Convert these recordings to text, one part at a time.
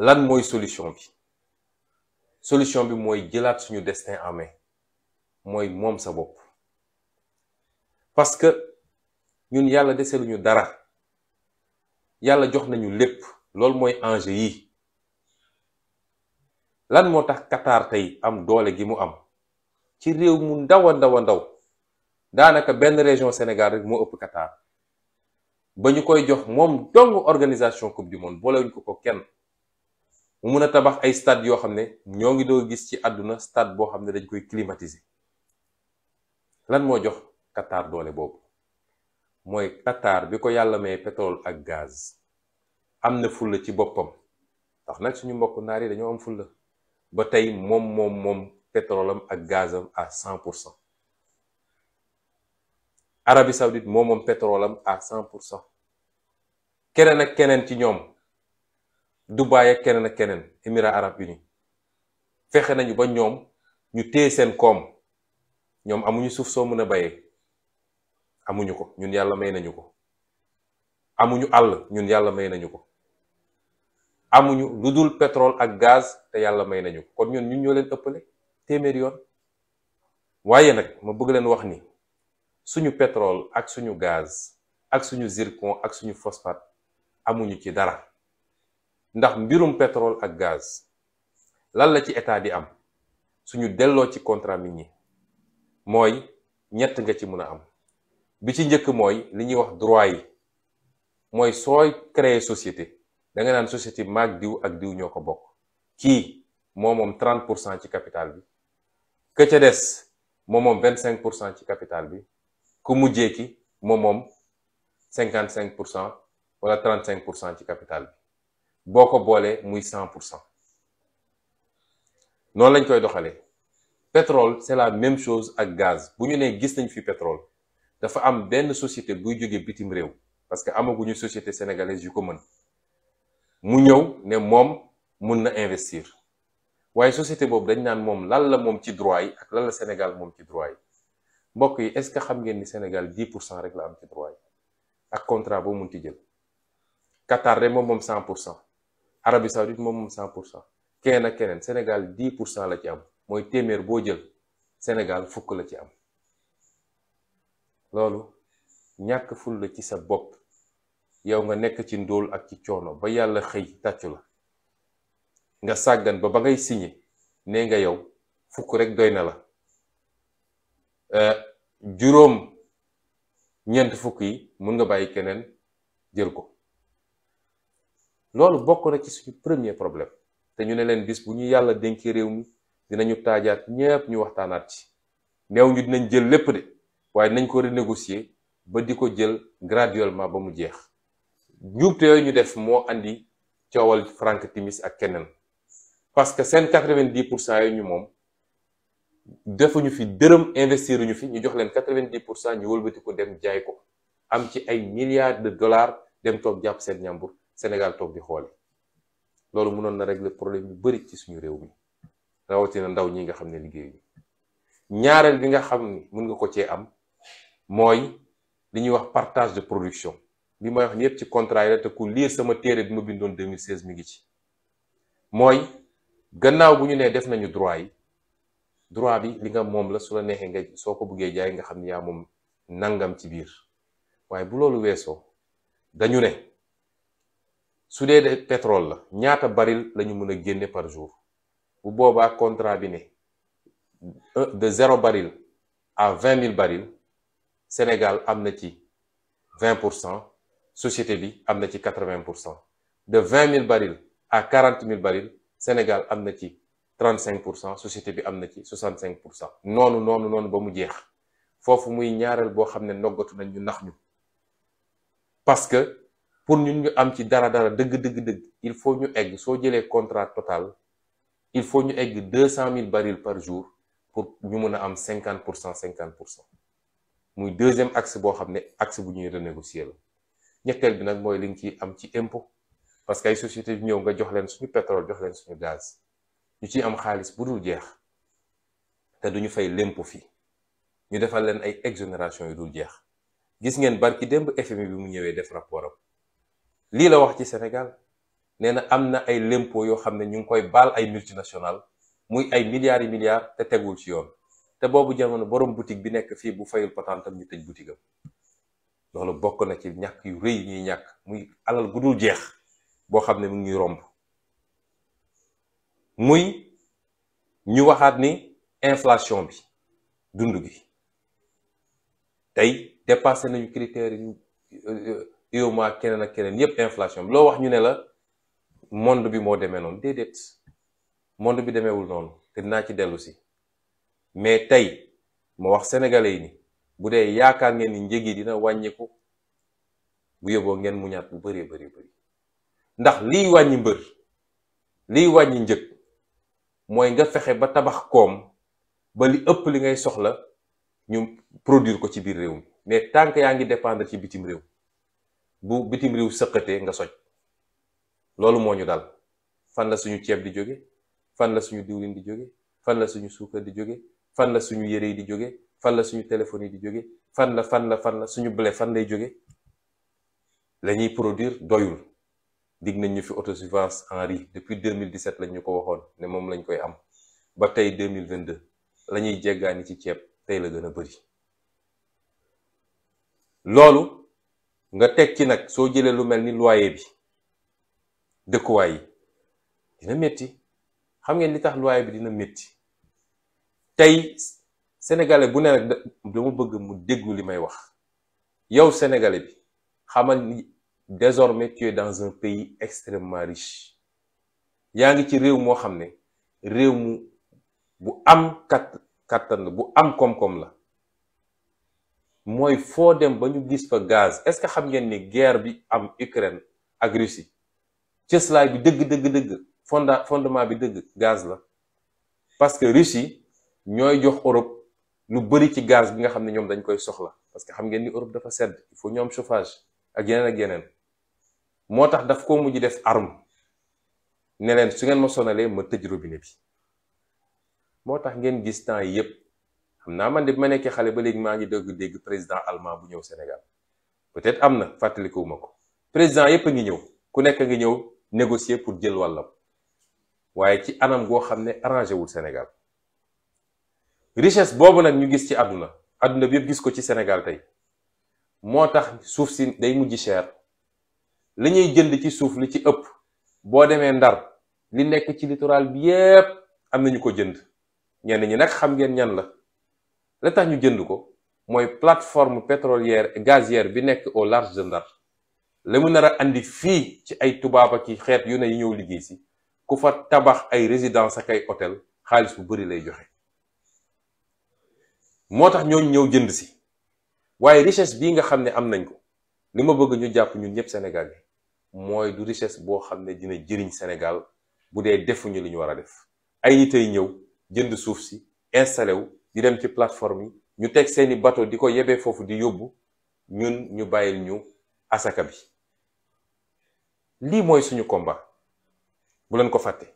lan mooy solution bi solution bi mooy jëlaat suñu destin en main mooy moom sa bopp parce que ñun yàlla deseluñu dara yàlla jox nañu lépp loolu mooy enjeu yi lan moo tax Qatar tey am doole gi mu am ci réew mu ndaw a ndaw a ndaw daanaka benn région Sénégal rek moo ëpp Qatar ba ñu koy jox moom dong organisation coupe du monde boolewuñ ko ko kenn mu mun a tabax ay stade yoo xam ne ñoo ngi doo gis ci àdduna stade boo xam ne dañ koy climatiser lan moo jox Qatar doole boobu mooy Qatar bi ko yàlla may pétrole ak gaz am na fulla ci boppam ndax nag suñu mbokk naar yi dañoo am fulla ba tey moom moom moom pétrole am ak gazam à cent pour cent Arabie Saoudite moom moom pétrole am à cent pour cent keneen ak keneen ci ñoom Dubaay ak keneen ak keneen Émirats arabes unis fexe nañu ba ñoom ñu téye seen koom ñoom amuñu suuf soo mën a bayee amuñu ko ñun yàlla may nañu ko amuñu àll ñun yàlla may nañu ko amuñu lu dul pétrole ak gaz te yàlla may nañu ko kon ñun ñun ñoo leen ëppale téeméer yoon waaye nag ma bëgg leen wax ni suñu pétrole ak suñu gaz ak suñu zircon ak suñu phosphate amuñu ci dara ndax mbirum pétrole ak gaz lan la ci état di am suñu delloo ci contrat nit ñi mooy ñett nga ci mun a am bi ci njëkk mooy li ñuy wax droit yi mooy sooy créer société da nga naan société maag diw ak diw ñoo ko bokk kii moo moom 30 pour cent ci capital bi ke ca des moo moom 25 pour cent ci capital bi ku mujjee ki moo moom 55 pour cent wala 35 pour cent ci capital bi boo ko boolee muy cent pour cent noonu lañ koy doxalee pétrole c'est la même chose ak gaz bu ñu nee gis nañ fi pétrole dafa am benn société buy jóge bitim réew parce que amaguñu société sénégalaise yu ko mën mu ñëw ne moom mun na investir waaye société boobu dañ naan moom lan la moom ci droit yi ak lan la Sénégal moom ci droit yi mbokk yi est-ce que xam ngeen ni Sénégal 10 pour cent rek la am ci droit yi ak contrat boo mun ci jël Qatar rek moom moom 100 pour cent Arabie Saoudite moom moom 100 pour cent keneen ak keneen Sénégal 10 pour cent la ci am mooy téeméer boo jël senegal fukk la ci am loolu ñàkk ful la ci sa bopp yow nga nekk ci ndóol ak ci coono ba yàlla xëy tàccu la nga sàggan ba ba ngay signé nee nga yow fukk rek doy na la euh, juróom ñeent fukk yi mën nga bàyyi keneen jël ko loolu bokk na ci suñu premier problème te ñu ne leen bis bu ñu yàlla dénki réew mi dinañu taajaat ñépp ñu waxtaanaat ci néew ñu dinañ jël lépp de waaye nañ ko renégocier ba di ko jël graduellement ba mu jeex njuumte yooyu ñu def moo indi coowal Frank Timis ak keneen parce que seen quatre-vingt-dix pour yooyu ñu moom defuñu fi dërëm investir ñu fi ñu jox leen quatre vingt pour cent ñu wëlbati ko dem jaay ko am ci ay milliards de dollars dem toog jàpp seen ñàmbur Sénégal toog di xool loolu mënoon na régler problème yu bëri ci suñu réew mi rawatina ndaw ñii nga xam ne liggéey ñaareel bi nga xam ni mën nga ko cee am mooy li ñuy wax partage de production li may wax ni yëpp ci contrat yi te ku lire sama téere bi ma bindoon 2016 mi ngi ci mooy gannaaw bu ñu nee def nañu droit yi droit bi li nga moom la su la neexee nga soo ko bëggee jaay nga xam ni yaa moom nangam ci biir waaye bu loolu weesoo dañu ne. su dee de pétrole la ñaata baril la ñu mën a génne par jour bu boobaa contrat bi ne de zéro baril à vingt mille baril Sénégal am na ci vingt pour cent société bi am na ci quatre vingt pour cent de vingt mille baril à quarante mille baril Sénégal am na ci trente cinq pour cent société bi am na ci soixante cinq pour cent noonu noonu noonu ba mu jeex foofu muy ñaareel boo xam ne noggatu nañ ñu ndax ñu pour ñun ñu am ci dara dara dëgg dëgg il faut ñu egg soo jëlee contrat total il faut ñu egg deux cent mille barils par jour pour ñu mën a am cinquante pour cent cinquante pour cent muy deuxième axe boo xam ne axe bu ñuy renégocier la ñetteel bi nag mooy li nga ciy am ci impôt parce que ay société bi ñëw nga jox leen suñu pétrole jox leen suñu gaz ñu ciy am xaalis bu dul jeex te duñu fay l'impôt fi ñu defal leen ay exonération yu dul jeex gis ngeen barki démb FMI bi mu ñëwee def rapport am lii la wax ci senegal nee na am na ay lempo yoo xam ne ñu ngi koy baal ay multinationales muy ay milliards yu milliards te tegul ci yoon te boobu jamono borom boutique bi nekk fii bu fayul patantam ñu tëj boutique am loolu bokk na ci ñàkk yu rëy ñuy ñàkk muy alal gu dul jeex boo xam ne mu ngi romb muy ñu waxaat ni inflation bi dund gi tey dépassé nañu critères euh, yow maa keneen ak keneen yépp inflation bi loo wax ñu ne la monde bi moo demee noonu déedéet monde bi demeewul noonu te dinaa ci dellu si mais tey ma wax sénégalais yi ni bu dee yaakaar ngeen ni njëg yi dina wàññiku bu yóbboo ngeen muñaat bu bëree bëri bëri ndax liy wàññi mbër liy wàññi njëg mooy nga fexe ba tabax koom ba li ëpp li ngay soxla ñu produir ko ci biir réew mi mais tànk yaa ngi dépendre ci bitim réew bu bitim réew sëqatee nga soj loolu moo ñu daal fan la suñu ceeb di jóge fan la suñu diwlin di jóge fan la suñu suukar di jóge fan la suñu yére yi di jóge fan la suñu téléphone yi di jóge fan la fan la fan la suñu blé fan lay jóge la ñuy produire doyul dig nañ ñu fi autosuffisance en riz depuis 2017 lañ ñu ko waxoon ne moom lañ koy am ba tey mille 2022 la ñuy jéggaani ci ceeb tey la gën a bëri loolu nga teg ci nag soo jëlee lu mel ni loyer bi dëkkuwaay yi dina métti xam ngeen li tax loyer bi dina métti tey sénégalais bu ne nag dama bëgg mu déglu li may wax yow sénégalais bi xamal ni désormais tu dans un pays extrêmement riche yaa ngi ci réew moo xam ne réew mu bu am kat kattan bu am koom-koom la mooy foo dem ba ñu gis fa gaz est-ce que xam ngeen ni guerre bi am Ukraine ak Russie cëslaay bi dëgg dëgg dëgg fond fondement bi dëgg gaz la parce que Russie ñooy jox Europe lu bëri ci gaz bi nga xam ne ñoom dañ koy soxla parce que xam ngeen ni Europe dafa sedd il faut ñoom chauffage ak yeneen ak yeneen moo tax daf ko mujj def arme ne leen su ngeen ma sonalee ma tëj robinet bi moo tax ngeen gis temps yépp xam naa man de ma nekkee xale ba léegi maa ngi dëgg dégg président allemand bu ñëw Sénégal peut-être am na fàttalikuwuma ko président yépp a ngi ñëw ku nekk a ngi ñëw négocier pour jël wàllam waaye ci anam goo xam ne arrangé wul Sénégal richesse boobu nag ñu gis ci àdduna àdduna bi yëpp gis ko ci Sénégal tey moo tax suuf si day mujj cher li ñuy jënd ci suuf li ci ëpp boo demee Ndar li nekk ci littoral bi yépp am na ñu ko jënd ñenn ñi nag xam ngeen ñan la. la tax ñu jënd ko mooy plateforme pétrolière et gazière bi nekk au large de la mu nar a indi fii ci ay tubaab ak xeet yu ne yi ñëw liggéey si ku fa tabax ay résidence ak ay hôtel xaalis bu bari lay joxe moo tax ñooñu ñëw jënd si waaye richesse bii nga xam ne am nañ ko li ma bëgg ñu jàpp ñun ñëpp senegal yi mooy du richesse boo xam ne dina jëriñ senegal bu dee defuñu li ñu war a def ay nit ay ñëw jënd suuf si installé wu di dem ci plateforme yi ñu teg seeni bateau di ko yebee foofu di yóbbu ñun ñu bàyyil ñu asaka bi lii mooy suñu komba bu leen ko fàtte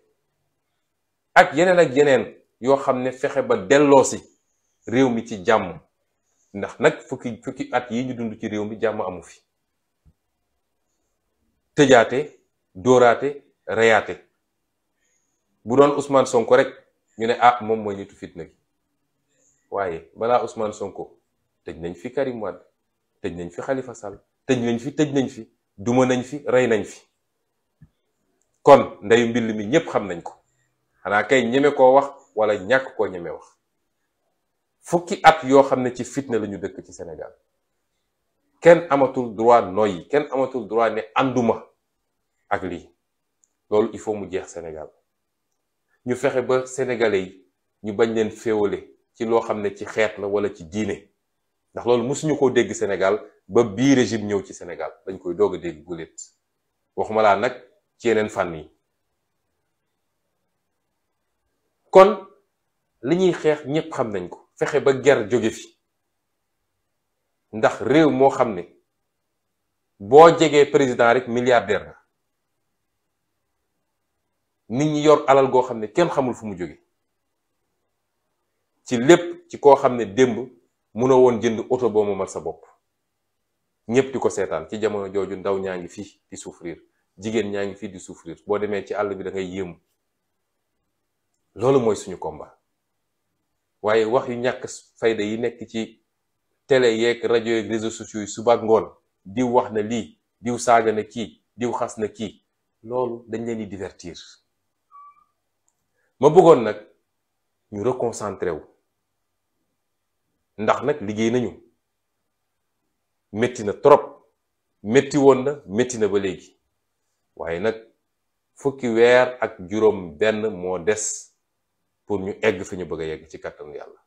ak yeneen ak yeneen yoo xam ne fexe ba delloosi réew mi ci jàmm ndax nag fukki fukki at yi ñu dund ci réew mi jàmm amu fi tëjaate dóoraate reyaate bu doon Ousmane Sonko rek ñu ne ah moom mooy nitu fitna gi waaye balaa Ousmane Sonko tëj nañ fi Karim Wade tëj nañ fi xalifa Sall tëj nañ fi tëj nañ fi duma nañ fi rey nañ fi kon ndeyu mbill mi ñépp xam nañ ko xanaa kay ñeme ko wax wala ñàkk koo ñeme wax fukki at yoo xam ne ci fitna lañu dëkk ci senegal kenn amatul droit noyyi kenn amatul droit ne ànduma ak lii loolu il faut mu jeex senegal ñu fexe ba sénégalais yi ñu bañ leen féewale ci loo xam ne ci xeet la wala ci diine ndax loolu mosuñu koo dégg Sénégal ba bii régime ñëw ci Sénégal dañ koy doog a dégg guléet waxuma laa nag ci yeneen fànn yi kon li ñuy xeex ñépp xam nañ ko fexe ba ger jóge fi ndax réew moo xam ne boo jegee président rek milliardaire na nit ñi yor alal goo xam ne kenn xamul fu mu jóge ci lépp ci koo xam ne démb mënoo woon jënd oto boo moomal sa bopp ñëpp di ko seetaan ci jamono jooju ndaw ñaa ngi fii di souffrir jigéen ñaa ngi fii di souffrir boo demee ci àll bi dangay ngay loolu mooy suñu combat waaye wax yu ñàkk fayda yi nekk ci télé yeeg rajo yeeg réseaux sociaux yi suba ngoon diw wax na lii diw saaga na kii diw xas na kii loolu dañ leen di divertir ma bëggoon nag ñu reconcentré wu ndax nag liggéey nañu metti na trop métti woon na métti na ba léegi waaye nag fukki weer ak juróom benn moo des pour ñu egg fi ñu bëgg a yegg ci kàttanu yàlla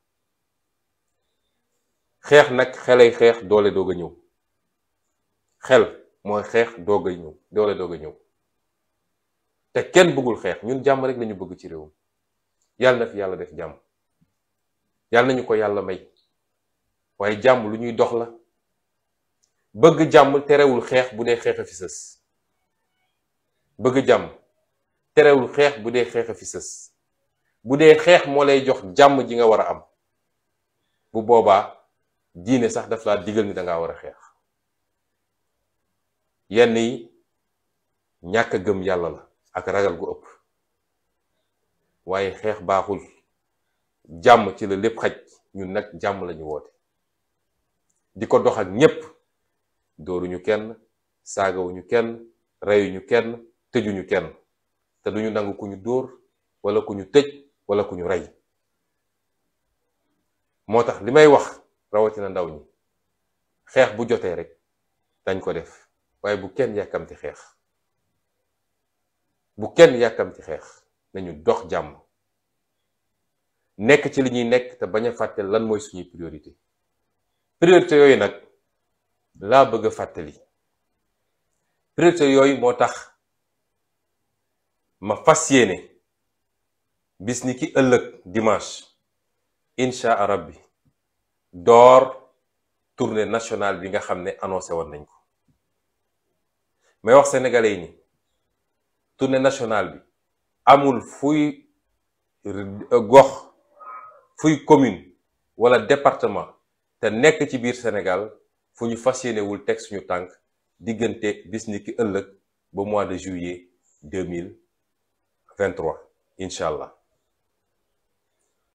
xeex nag xelay xeex doole doog a ñëw xel mooy xeex doog a ñëw doole doog a ñëw te kenn bëggul xeex ñun jàmm rek lañu bëgg ci réewum yàlla na fi yàlla def jàmm yàlla nañu ko yàlla may waaye jàmm lu ñuy dox la bëgg jàmm terewul xeex bu dee xeex a fi sës bëgg jàmm terewul xeex bu dee xeex sës bu dee xeex moo lay jox jàmm ji nga war a am bu boobaa diine sax daf laa digal ni dangaa war a xeex yenn yi ñàkk a gëm yàlla la ak ragal gu ëpp waaye xeex baaxul jàmm ci la lépp xaj ñun nag jàmm lañu woote di ko dox ak ñépp dóoruñu kenn saagawuñu kenn reyuñu kenn tëjuñu kenn te duñu nangu ku ñu dóor wala ku ñu tëj wala ku ñu rey moo tax li may wax rawatina ndaw ñi xeex bu jotee rek dañ ko def waaye bu kenn yàkkamti xeex bu kenn yàkkamti xeex nañu dox jàmm nekk ci li ñuy nekk te bañ a fàtte lan mooy suñuy priorité priorité yooyu nag laa bëgg a fàttali priorité yooyu moo tax ma fas yéene bis ni ki ëllëg dimanche incha rabbi door tournée nationale bi nga xam ne annoncé woon nañ ko may wax sénégalais yi ni tournée nationale bi amul fuy gox fuy commune wala département te nekk ci biir Sénégal fu ñu fas yéenewul teg suñu tànk diggante bis ki ëllëg ba mois de juillet deux mille vingt-trois allah.